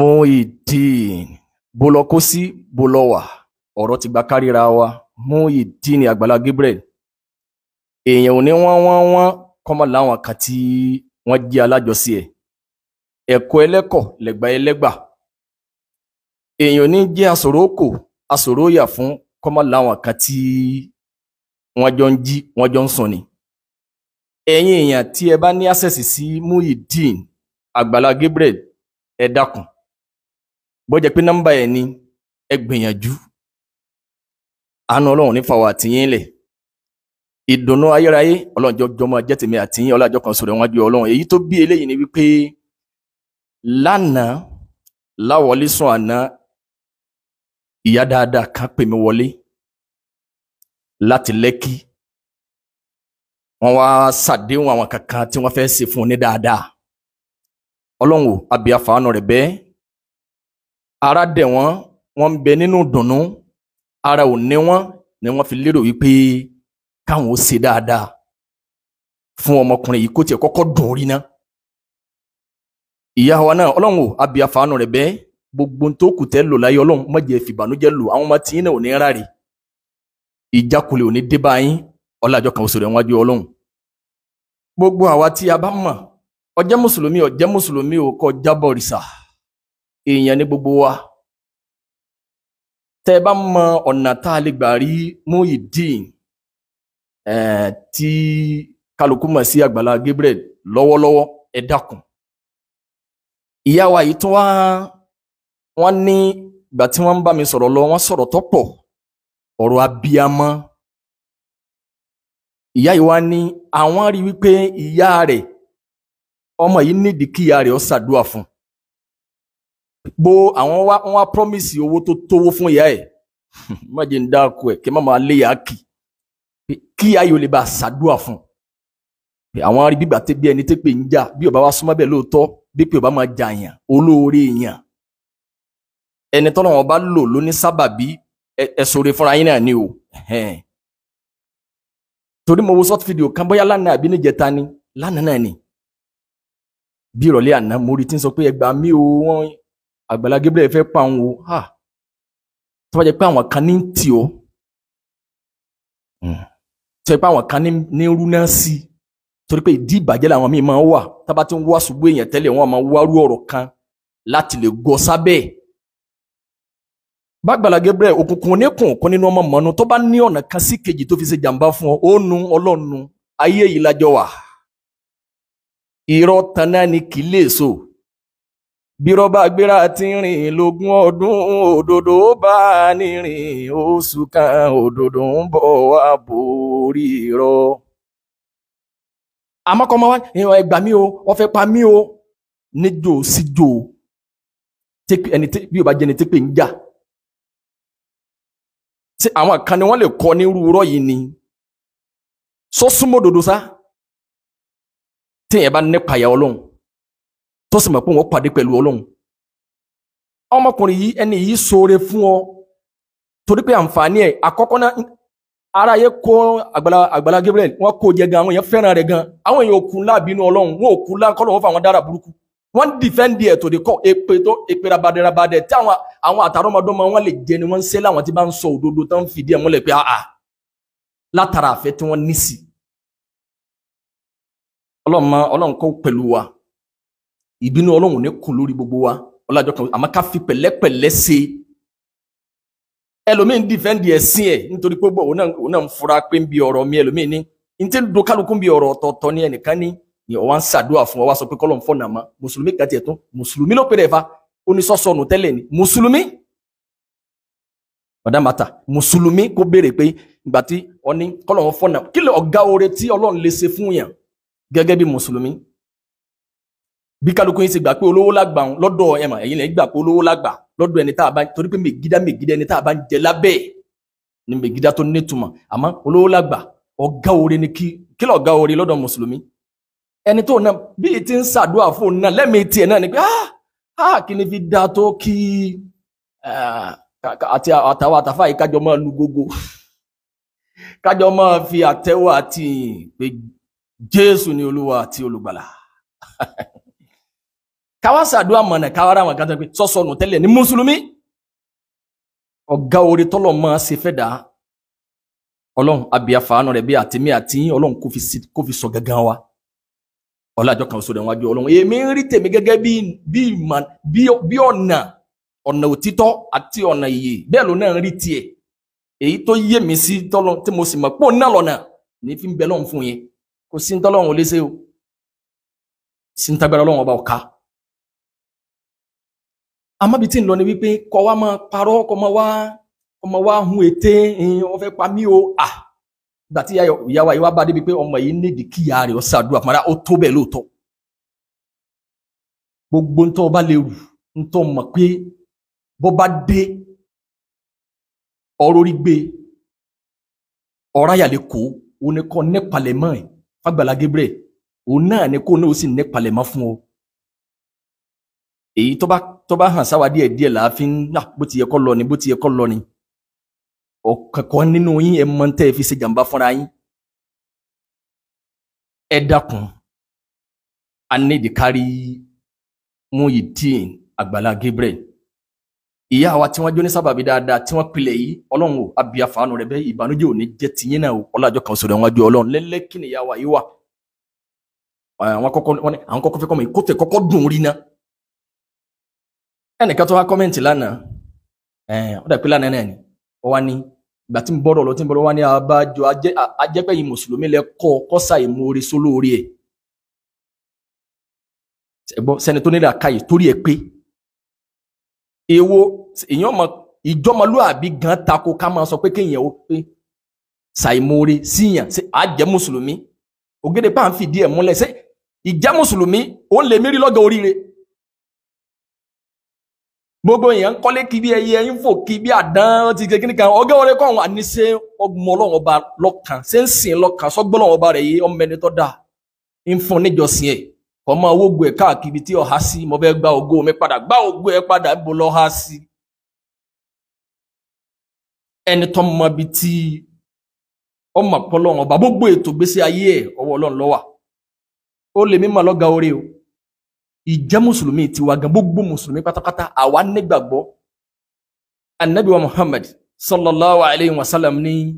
Muideen bó lọ kó sí bó lọ wà ọ̀rọ̀ ti gba kárìíra wa Muideen Àgbàlá Gabriel èèyàn ò ní wọ́n wọ́n wọ́n kọ́mọ láwọn kan tí wọ́n jẹ́ alájọsí ẹ̀ ẹ̀kọ́ ẹlẹ́kọ̀ lẹ́gbà ẹlẹ́gbà èèyàn ní jẹ́ asòro kò asòro yà fún kọ́mọ láwọn kan tí jọ ń jí wọ́n jọ ń sùn ni ẹ̀yin èèyàn tí ẹ bá ní access sí Muideen Àgbàlá Gabriel ẹ dákun bọ́jẹ́ pé nọ́mbà ẹ̀ ni ẹ gbìyànjú àánú ọlọ́run ní fàwọn àtìyín lẹ̀ ìdùnnú ayérayé ọlọ́njọ́ jọmọ jẹ́ tèmi àtìyín ọlọ́jọ́ kan sọ̀rọ̀ wọn ju ọlọ́run èyí tó bí eléyìí ni wípé lánàá láwọlé sùn àná ìyá dáadáa kan pè mí wọlé láti lẹ́kì wọ́n wá ṣàdéhùn àwọn kankan tí wọn fẹ́ ṣe fún un ní dáadáa ọlọ́run àbí àfàánù rẹ̀ bẹ́ẹ̀ ara dẹ̀ wọ́n wọ́n ń bẹ nínú ìdùnnú ara ò ní wọ́n ni wọ́n fi lérò wípé káwọn ó ṣe dáadáa fún ọmọkùnrin yìí kó tiẹ̀ kọ́kọ́ dùn orí ná ìyá wa náà ọlọ́run ò àbí àfàánù rẹ̀ bẹ́ẹ̀ gbogbo tó kù tẹ́ lò láyé ọlọ́run mọ̀jẹ̀ fìbànújẹ́ lò àwọn ọmọ tí náà ò ní ráre ìjákulẹ̀ ò ní dé bá yín ọlájọ́ kan oṣù rẹ̀ wájú ọlọ́run gbogbo àwa tí a bá mọ̀ ọjẹ́ mùsùlùmí ọjẹ́ mùsùlùmí ò kọjá bọ̀rìṣà èèyàn ní gbogbo wa tẹ bá mọ ọ̀nà tá a lè gbà rí Muyideen tí kálukú mọ̀ sí Àgbàlá Gabriel lọ́wọ́lọ́wọ́ ẹ dákun ìyá wa yìí tún wá wọ́n ní ìgbà tí wọ́n ń bá mi sọ̀rọ̀ lọ wọ́n sọ̀rọ̀ tó pọ̀ ọ̀rọ̀ abiyamọ ìyá yìí wá ní àwọn rí wípé ìyá rẹ̀ ọmọ yìí nídìí kí ìyá rẹ̀ ó ṣàdúà fún gbo àwọn wá wọn wá promise owó tó tówó fún ìyá ẹ̀ má jẹ́ ń dáko ẹ̀ kí má máa lé yàá kì kí ayò lè bá ṣàdúrà fún àwọn arí bíbà tẹ bí ẹni tẹ pé ń jà bí ọba wa súnmọ́ bẹ́ẹ̀ lóòótọ́ bí pé ọba máa jà yàn olóore yàn ẹni tọ́lọ́ wọn bá lò ló ní sábàbí ẹ̀sọ̀rẹ̀ fúnra yín náà ni o torí mo wo short video kan bóyá lánàá àbí níjẹta ni lánàá náà ni bí ìrọ̀lẹ́ àná mo rí tí ń sọ pé ẹgbàá mi ò wọ́n àgbàlá Gabriel fẹ́ pa òun o ha tó bá jẹ́ pé àwọn kan ní ń tì ọ́ hmm. tó jẹ́ pé àwọn kan ní ń rú náà sí torí pé ìdí ìbàjẹ́ làwọn míì máa ń wà tábà tí ń wá ṣubú èèyàn tẹ́lẹ̀ wọn máa wárú ọ̀rọ̀ kan láti lè gọ sábẹ́ ẹ̀ bàgbàlá Gabriel òkùnkùn oníkùn kún nínú ọmọ mọ́nu tó bá ní ọ̀nà kan sí kejì tó fi ṣe jàǹbá fún ọ ó nu ọlọ́nu ayé yìí lájọ wà irọ́ tan náà ni kì í lè so bírọ́bà gbéra ti rìn lógún ọdún òdòdó bá a ní rìn oṣù kan òdòdó ń bọ̀ wá borí rọ. àmọ́ kọ́ máa ẹgbà mí o wọ́n fẹ́ pa mí o níjò síjò ẹni bí o bá jẹ́ ẹni tí pé ń jà tí àwọn kan ni wọ́n lè kọ́ nírú rọ́ yìí ni sọ́súnmọ́ òdòdó sá téèyàn bá nípa ìyá ọlọ́run tó sì mọ̀ pé wọ́n pàdé pẹ̀lú ọlọ́run ọmọkùnrin yìí ẹni yìí ṣoore fún ọ torí pé àǹfààní ẹ̀ àkọ́kọ́ náà ara yẹ kó àgbàlá àgbàlá Gabriel wọn kó jẹ gan àwọn èèyàn fẹ́ràn rẹ̀ gan àwọn èèyàn òkun láàbínú ọlọ́run wọn òkun láńkọ́lọ́ wọn fà wọn dára burúkú wọn ń dìfẹ́ǹdì ẹ̀ tó de kọ́ èpè tó èpè rabadarabadẹ tí àwọn àwọn àtàrọ́mọdọ́mọ wọn lè jẹ ni wọ́n ń sẹ́ láwọn tí bá ń sọ òdodo tó ń fìdí ẹ̀ mọ́lẹ̀ pé àà látara àfẹ́ tí wọ́n ní sí ọlọ́run kó pẹ̀lú wa ìbínú ọlọ́run ní kù lórí gbogbo wa ọlájọ kan àmọ́ ká fi pẹ̀lẹ́pẹ̀lẹ́ ṣe ẹlòmíín dìfẹ́ǹdì ẹ̀sìn ẹ̀ nítorí pé bọ̀ òun náà ń fura pé ń bi ọ̀rọ̀ mi ẹlòmíín ní n tí ń do kálukú ń bi ọ̀rọ̀ ọ̀tọ̀ọ̀tọ̀ ní ẹnìkan ní ni ọ̀wá ń ṣàdúrà fún sọ pé kọ́lọ̀ ń fọ̀nà mọ́ mùsùlùmí mùsùlùmí ló fa tẹ́lẹ̀ ni mùsùlùmí ọ̀dà màtà mùsùlùmí béèrè pé ìgbà tí ọ ní bí kálukú yín ṣe gbà pé olówó lágbà ń lọ́dọ̀ ẹ̀ mà ẹ̀yin lè gbà pé olówó lágbà lọ́dọ̀ ẹni tá a bá torí pé mègídá mègídá ẹni tá a bá ń jẹ lábẹ́ ni mègídá tó nítumọ̀ àmọ́ olówó lágbà ọ̀gá oore ni kí kí ló ọ̀gá oore lọ́dọ̀ mùsùlùmí ẹni tó náà bí ti ń ṣàdúrà fóun náà lẹ́mìí tiẹ̀ náà ni pé ah ah kí ni fi da tó kí eh, àti àtàwọn àtàfà yìí kájọ máa lu gógó kájọ máa fi àtẹ́wọ́ àti pé Jésù ni olúwa àti olùgbàlà káwá sàdúrà mọ̀nà káwá ra àwọn kan tó pé sọ́sọ́ nù tẹ́lẹ̀ ní mùsùlùmí ọ̀gá orí tọ́lọ̀ máa ṣe fẹ́ dà ọlọ́run abiyafàánù rẹ̀ bí àtẹ̀mí àti ọlọ́run kò fi sọ gangan wa ọlájọ kan sódò wájú ọlọ́run èmi ń rí tèmi gẹ́gẹ́ bí ọ̀nà ona òtítọ́ àti ọ̀nà ìyè bẹ́ẹ̀ ló náà ń rí tiẹ̀ èyí tó yé mi sí tọ́lọ́ tí mo sì mọ̀ pò náà lọ́nà ní fi ń bẹ lọ́run fún yín kò sí ń tọ́lọ́run ò léṣe o sí ń tagbára ọlọ́run ọba ọ̀ka àmọ́bi tí ń lọ ni wípé kọ́ wa máa parọ́ kọ́ máa wá kọ́ máa wá hun ète wọ́n fẹ́ pa mí o à gbà tí ìyá wa yìí wá bá débi pé ọmọ yìí nídìí kí ìyá rẹ̀ ọ̀sà àdúrà fúnra ó tó bẹ́ẹ̀ lóòótọ́ gbogbo ń tọ́ ọba lè rù ń tọ́ mọ̀ pé bọ́ bá dé ọ̀rọ̀ orí gbé ọ̀rá yà lè kó òun ni kọ́ nípalẹ̀mọ́ ẹ̀ fàgbàlá Gabriel òun náà ni kó náà ó sì nípalẹ̀mọ́ fún ọ èyí tó bá tó bá hàn sáwa díẹ̀ díẹ̀ là á fi ń gbà ah, bó ti yẹ kó lọ ni bó ti yẹ kó lọ ni ọ̀kọ̀ọ̀kan nínú yín ẹ mọ tẹ́ ẹ fi ṣe jàǹbá fúnra yín ẹ dákun a ní ìdíkárí Muyideen Àgbàlá Gabriel ìyá wa tí wọ́n jó ní sábàbí dáadáa tí wọ́n pilẹ̀ yìí Ọlọ́run ò abia fàánù rẹ bẹ́ẹ̀ ìbànújẹ́ ò ní jẹ́ tiyín náà ọlọ́jọ́ kan sọ̀rọ̀ wọn ju Ọlọ́run lẹ́lẹ́kìnìyà wa yìí wà àwọn kọ́kọ́ fẹ́ kọ́ mọ̀ kó tẹ̀ kọ́kọ́ dùn rí náà ẹnìkan tó wá kọ́mẹ́ǹtì lánàá ó dà pé lánàá náà ni ó wá ní ìgbà tí ń bọ́rọ̀ lọ tí ń bọ́rọ̀ wá ní abájọ ajẹ́pẹ́ yìí mùsùlùmí lẹ kọ́ kọ́sà ìmoore sólóore ẹ̀ ẹ̀gbọ́n sẹ́ni tó nílẹ̀ àkàyè torí ẹ̀ pé èwo èèyàn mọ ìjọmọlúàbí gan tako ká máa sọ pé kéèyàn ó pé ṣàìmoore síyàn ṣe àjẹ́ mùsùlùmí ògèdè pàǹfìdí ẹ̀ múlẹ̀ ṣe ìjẹ́ mùsùlùmí òun lè mérí lọ́gàá oríire gbogbo èèyàn nkọle kọ́lé kí bí ẹyẹ ń fò àdán ti kékeré kan ọgẹ́ wọlé kọ́ àwọn àníṣe ọlọ́run ọba lọ́kàn lọ́kàn sọ́gbọ́n ọlọ́run ọba rẹ̀ yìí ọmọ ẹni tó dà níjọsìn ẹ̀ ọmọ ẹ̀ káàkiri tí sí mo gba ògo mi padà gba ògo ẹ̀ padà bó lọ́ há sí. ẹni tó mọ ọba gbogbo ètò ayé ó lè o ìjẹ́ mùsùlùmí tiwa gan gbogbo mùsùlùmí pátápátá àwa nígbàgbọ́ anabiwa muhammad sallallahu alayhi wa sallam ni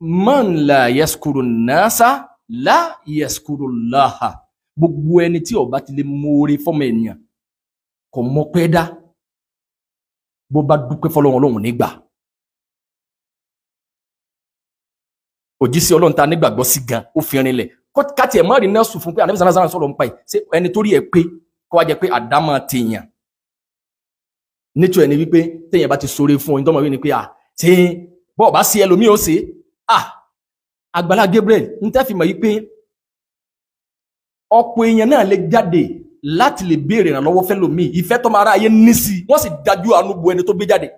man la yaskuru nasa la yaskuru laha gbogbo ẹni tí ó bá ti lè mọ̀ọ́rẹ́ fọmọ ènìyàn kò mọ̀ pé dá bó bá dúpẹ́ fọlọ́run ọlọ́run nígbà òjíṣẹ́ ọlọ́run ta nígbàgbọ́ sí gan ó fi rinlẹ̀ káti ẹ̀ mọ́rin náà sùn fún pé ànábì sàn sàn sọ̀rọ̀ ń pa yìí ṣé ẹni tó rí ẹ pé kó wá jẹ pé àdámọ̀ tèèyàn nítorí ẹni wípé téèyàn bá ti sọ̀rọ̀ fún ọyìn tọ́mọ̀ wí ni pé à ṣé bọ́ọ̀ bá sí ẹlòmíì ó ṣe à Àgbàlá Gabriel ń tẹ́ fi mọ̀ yìí pé ọ̀pọ̀ èèyàn náà lè jáde láti lè béèrè ìrànlọ́wọ́ fẹ́lòmíì ìfẹ́ tọ́mọ aráyé ní sí wọ́n sì dájú àánú bu ẹni tó gbé jáde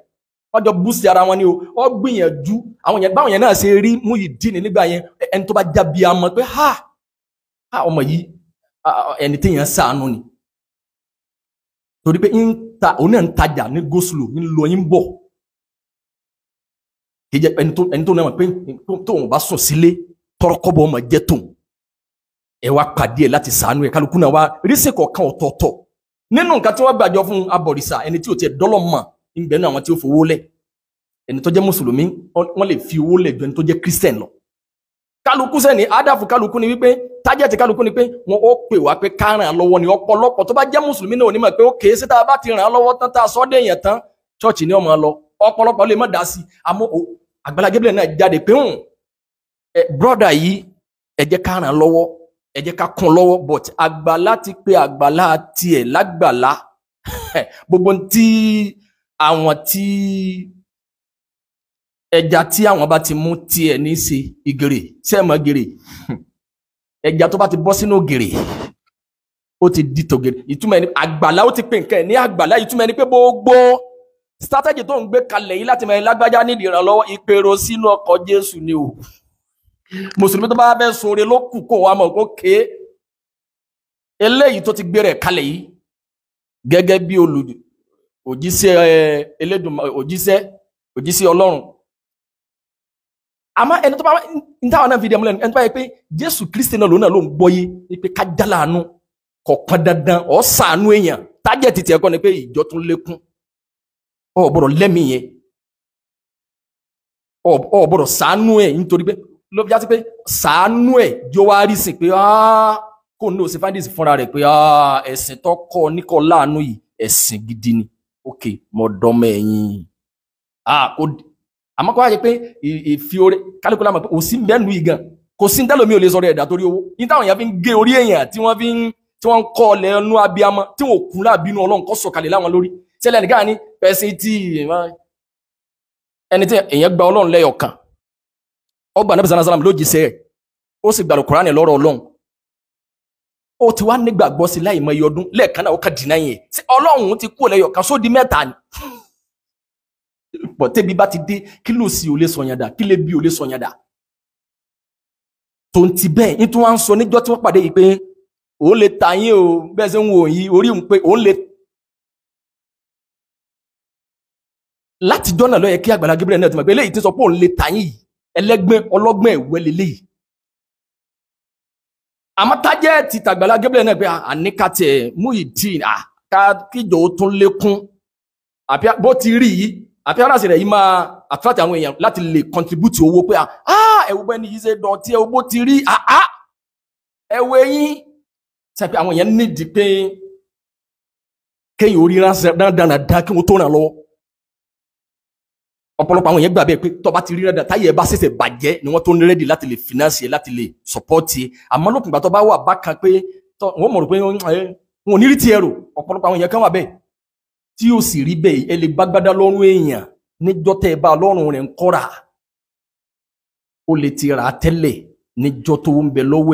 wọ́n jọ búùsì ara wọn ni o wọ́n gbìyànjú àwọn yẹn báwọn yẹn náà ṣe rí Muyideen nígbà yẹn ẹni tó bá jábí amọ̀ pé ha ha ọmọ yìí ẹni téèyàn ṣàánú ni torí pé ń ta òun náà ń tajà ní goslo ń lọ yín bọ̀ kì í jẹ ẹni tó náà mọ̀ pé tóun bá sùn sílé tọrọkọ́bọ̀ ọmọ jẹ́ tóun ẹ wá pàdé ẹ láti ṣàánú ẹ kálukú náà wá rísìkọ̀ọ̀kan ọ̀tọ̀ọ̀tọ̀ nínú nǹkan tí wọ́n gbàjọ fún abọ̀rìṣà ẹni tí ò tiẹ̀ dọ́lọ́ mọ̀ ń bẹnu àwọn tí ó fowó lẹ̀ ẹni tó jẹ́ mùsùlùmí wọ́n lè fi owó lẹ̀ ju ẹni tó jẹ́ christian lọ kálukú sẹ́ni ádàfù kálukú ni wípé tájẹ̀tì kálukú ni pé wọn ó pè wá pé ká ràn án lọ́wọ́ ni ọ̀pọ̀lọpọ̀ tó bá jẹ́ mùsùlùmí náà onímọ̀ pé ó kéé sí tá a bá ti ràn án lọ́wọ́ tán tá a sọ́ dé èèyàn tán ṣọ́ọ̀ṣì ni ọmọ lọ ọ̀pọ̀lọpọ̀ lè má dá sí i àmọ́ Àgbàlá Gabriel náà jáde pé hùn hmm, brọ́dà yìí ẹ jẹ́ ká ràn án lọ́wọ́ ẹ jẹ́ ká kún lọ́wọ́ but Àgbàlá ti pé Àgbàlá tiẹ̀ lágbàlá gbogbo tí àwọn tí ẹja tí àwọn bá ti mú tiẹ̀ ní ṣe ìgèrè sẹ́ẹ̀mọ́ gèrè ẹja tó bá ti bọ́ sínú gèrè ó ti di tògèrè ìtumọ̀ ẹni àgbàlá ó ti pè nǹkan ẹ̀ ní àgbàlá ìtumọ̀ ẹni pé gbogbo strategy tó ń gbé kalẹ̀ yìí láti mẹ́rin lágbájá nídìí ìrànlọ́wọ́ ìpèrò sínú ọkọ̀ Jésù ni o mùsùlùmí tó bá fẹ́ sunre ló kù kó wa mọ̀ kó ké eléyìí tó ti gbé rẹ̀ kalẹ̀ yìí gẹ́gẹ́ bí olùdí òjíṣẹ́ Elédùmarè òjíṣẹ́ òjíṣẹ́ Ọlọ́run àmọ́ ẹni tó bá ń táwọn náà fi dẹ̀ múlẹ̀ ẹni tó bá yẹ pé Jésù Kristi náà lòun náà ló ń gbọ́ yé pé ká jálàánú kọ̀ọ̀kan dandan ọ̀ sànú èèyàn tájẹ̀ títí ẹ̀kọ́ ni pé ìjọ tún lékún ọ̀ gbọ́dọ̀ lẹ́mìí yẹn ọ̀ gbọ́dọ̀ sànú ẹ̀ nítorí pé ló fi jásí pé sànú ẹ̀ jọ wá rí sí pé ah! kò ní òsínfàdìsì fúnra rẹ̀ pé ah, ẹ̀sìn tó kọ́ níkọ̀ láàánú yìí ẹ̀sìn gidi ni ok mo dọmọ ẹ̀yin ah kò àmọ́ kó wá jẹ pé ìfi orí kálukú lámọ̀ pé òsín bẹ́ẹ̀lú ìgàn kò sí dẹ́lòmí ò lè sọ̀rọ̀ ẹ̀dá torí owó ní táwọn èèyàn fi ń gé orí èèyàn tí wọ́n fi ń tí wọ́n ń kọ́ ọ̀lẹ́ ẹnu abiyamọ tí wọ́n kú láàbínú ọlọ́run kọ́ sọ̀kalẹ̀ láwọn lórí sẹ́lẹ̀ nìkan ní pẹ̀sìn tí ẹni tí èèyàn gba ọlọ́run lẹ́yọ̀ ọgbà nàbẹ̀sán lójì sẹ́ẹ̀ ó sì gbàlù lọ́rọ̀ ọlọ́run O ti wá nígbàgbọ́ sí láì mọye ọdún lẹ́ẹ̀kan náà ó kà dínà yẹn ṣé ọlọ́run ti kú lẹ́yọ̀ kan sódi mẹ́ta ni. bọ̀ tẹ́bi bá ti dé kí ló sì ò lè sọ̀yàn dà kí lè bí ò lè sọ̀yàn dà. tòun ti bẹ́ẹ̀ ní tí wọ́n á ń sọ níjọ́ tí wọ́n pàdé yìí pé òun lè ta yín o bẹ́ẹ̀ ṣe ń wò yín orí òun pé òun lè. látijọ́ náà ló kí àgbàlá náà ti mọ̀ pé eléyìí ti sọ pé òun lè ta yín yìí ẹlẹ́gbẹ́ ọlọ́gbẹ́ ìwẹ́lẹ́lẹ́yìí àmọ́ tájẹ́ ti tàgbàlá Gabriel náà pé ah, àníkàtẹ̀ Muyideen àkàkíjọ ah, tún lékún bó ti rí yìí àti aráàsì rẹ̀ yìí máa attract àwọn èèyàn láti lè contribute owó pé ah, ẹ̀wọ́ bẹ́ẹ̀ ni yìí ṣe dán tí ẹ̀wọ́ bó ti rí ẹ̀wọ́ eyín sàpé àwọn èèyàn nídìí pé kéèyàn orí ránṣẹ́ dáadáa kí wọ́n tó ràn lọ́wọ́ ọ̀pọ̀lọpọ̀ àwọn èèyàn gbà bẹ́ẹ̀ pé tọba ti rí rẹ̀ dà táyé ẹ̀ bá ṣẹ̀ṣẹ̀ bàjẹ́ ni wọ́n tó ń rẹ́dì láti lè finance ẹ̀ láti lè support ẹ̀ àmọ́ lópin ìgbà tó bá wà bákan pé wọ́n mọ̀ rò pé wọn ò ní rí tiẹ̀ rò ọ̀pọ̀lọpọ̀ àwọn èèyàn kan wà bẹ́ẹ̀ tí ó sì rí bẹ́ẹ̀ ẹ lè gbágbádá lọ́rùn èèyàn níjọ́ tẹ́ ẹ bá lọ́rùn rẹ̀ ń kọ́ra ó lè ti rà á tẹ́lẹ̀ níjọ́ tó ń bẹ lọ́wọ́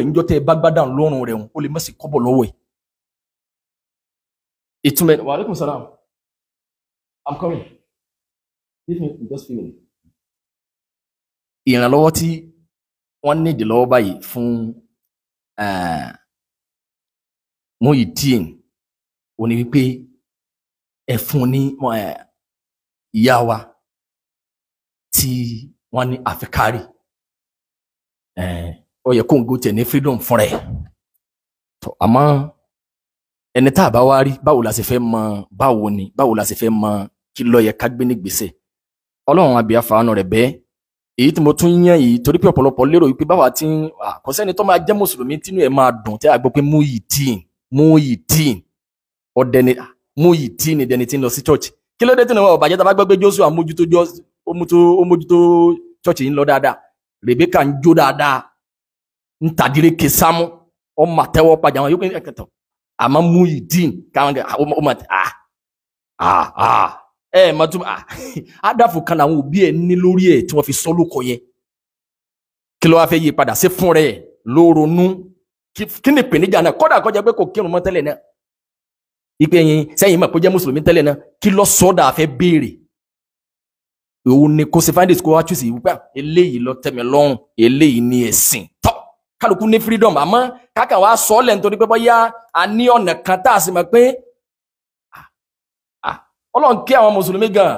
ẹ i'm coming ìrànlọ́wọ́ tí wọ́n nídìí lọ́wọ́ báyìí fún eh, Muyideen ó ní wípé ẹ fún ní eh, ìyá wa tí wọ́n ní àfikárì eh, ó yẹ kó ń gòtẹ ní freedom fúnra ẹ̀ àmọ́ ẹni tá a bá wá rí báwo la ṣe fẹ́ mọ̀ báwo ni báwo la ṣe fẹ́ mọ̀ kí ló ká gbé nígbésẹ̀ ọlọ́run abiyafà àánú rẹ̀ bẹ́ẹ̀ èyí tí mo tún yẹn yìí torí pé ọ̀pọ̀lọpọ̀ lérò wípé báwa ti ń àkọsẹ́ni tó máa jẹ́ mùsùlùmí tínú ẹ̀ máa dùn tí a gbọ́ pé Muyideen Muyideen ọ̀dẹ̀ni Muyideen ni dẹni tí ń lọ sí church kí ló dé tí wọn tá a bá Joshua mójútó mójútó church yìí ń lọ dáadáa Rebecca ń jó dáadáa ń ke sámú ẹ mọ a adáfo kan làwọn òbí ẹ ní lórí ẹ tí wọn fi sọ lóko yẹ kí ló wá fẹ́ yí padà sí fún rẹ ló ronú kí ni ìpèníjà náà kódà kọjá pé kò kírun mọ́ tẹ́lẹ̀ náà ìpè yín sẹ́yìn mọ̀ kó jẹ́ mùsùlùmí tẹ́lẹ̀ náà kí ló sọ́dà fẹ́ béèrè òun ni kò sí find it kó wá túsì wípé ah, eléyìí ló tẹ́mi lọ́rùn eléyìí ni ẹ̀sìn tọ́ kálukú ní freedom àmọ́ kákan wá sọ ọ́ lẹ́nu torí pé bọ́yá a ní ọ̀nà kan tá a sì mọ̀ pé ọlọ́run kí àwọn mùsùlùmí gan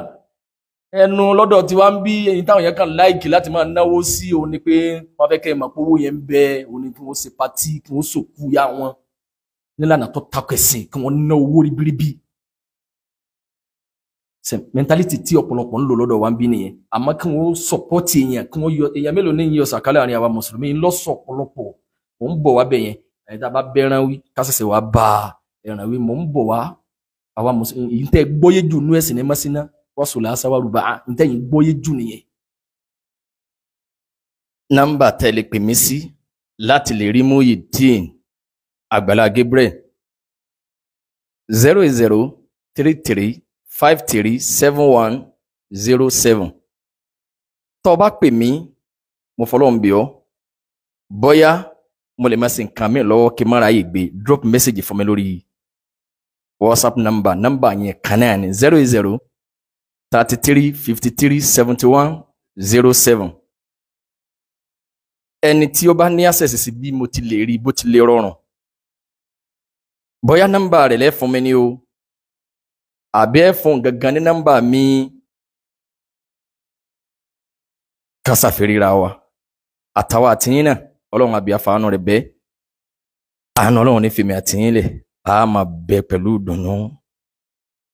ẹnu lọ́dọ̀ tí wá ń bí ẹyin táwọn yẹn kàn láìkì láti máa náwó sí òun ni pé wọ́n fẹ́ kẹ́ ẹ̀ mọ̀ pé owó yẹn ń bẹ òun ni kí wọ́n ṣe patí kí wọ́n sòkú ya wọn nílànà tó takò ẹ̀sìn kí wọ́n ná owó ribiribi. mẹ́ntálítì tí ọ̀pọ̀lọpọ̀ ń lò lọ́dọ̀ wá ń bí nìyẹn àmọ́ kí wọ́n sọ̀pọ́tì èèyàn kí wọ́n yọ èèyàn mélòó ní yọ sàkálẹ̀ àárín àwa mùsùlùmí ńlọ́sọ̀ àwa mùsùlùmí yìí ń tẹ́ gbọ́yé jù nú ẹ̀sìn ní masina wàsùlà sáwárù bá a ń tẹ́ yìí gbọ́yé jù nìyẹn. nọ́mbà tẹ́lẹ̀ pè mí sí láti lè rí Muyideen Àgbàlá Gabriel zero zero three three five three seven one zero seven tọ́ ọ bá pè mí mo fọlọ́run bí ọ bóyá mo lè má ṣe nǹkan mi lọ́wọ́ kí n má ra yìí gbé drop message fún mi lórí yìí whatsapp number number yẹn kan náà ni zero eight zero thirty three fifty three seventy one zero seven ẹni tí ó bá ní access sí bí mo ti lè rí bó ti lè rọrùn bóyá nọ́mbà rẹ̀ lẹ́fún mi ni o àbí ẹ̀fún gangan ní nọ́mbà mi kásáfìríra wa àtàwọn àtìyín náà ọlọ́run àbí àfàánú rẹ̀ bẹ́ẹ̀ àánú ọlọ́run ní fèmí àtìyín lẹ̀. ama bem peludo, não?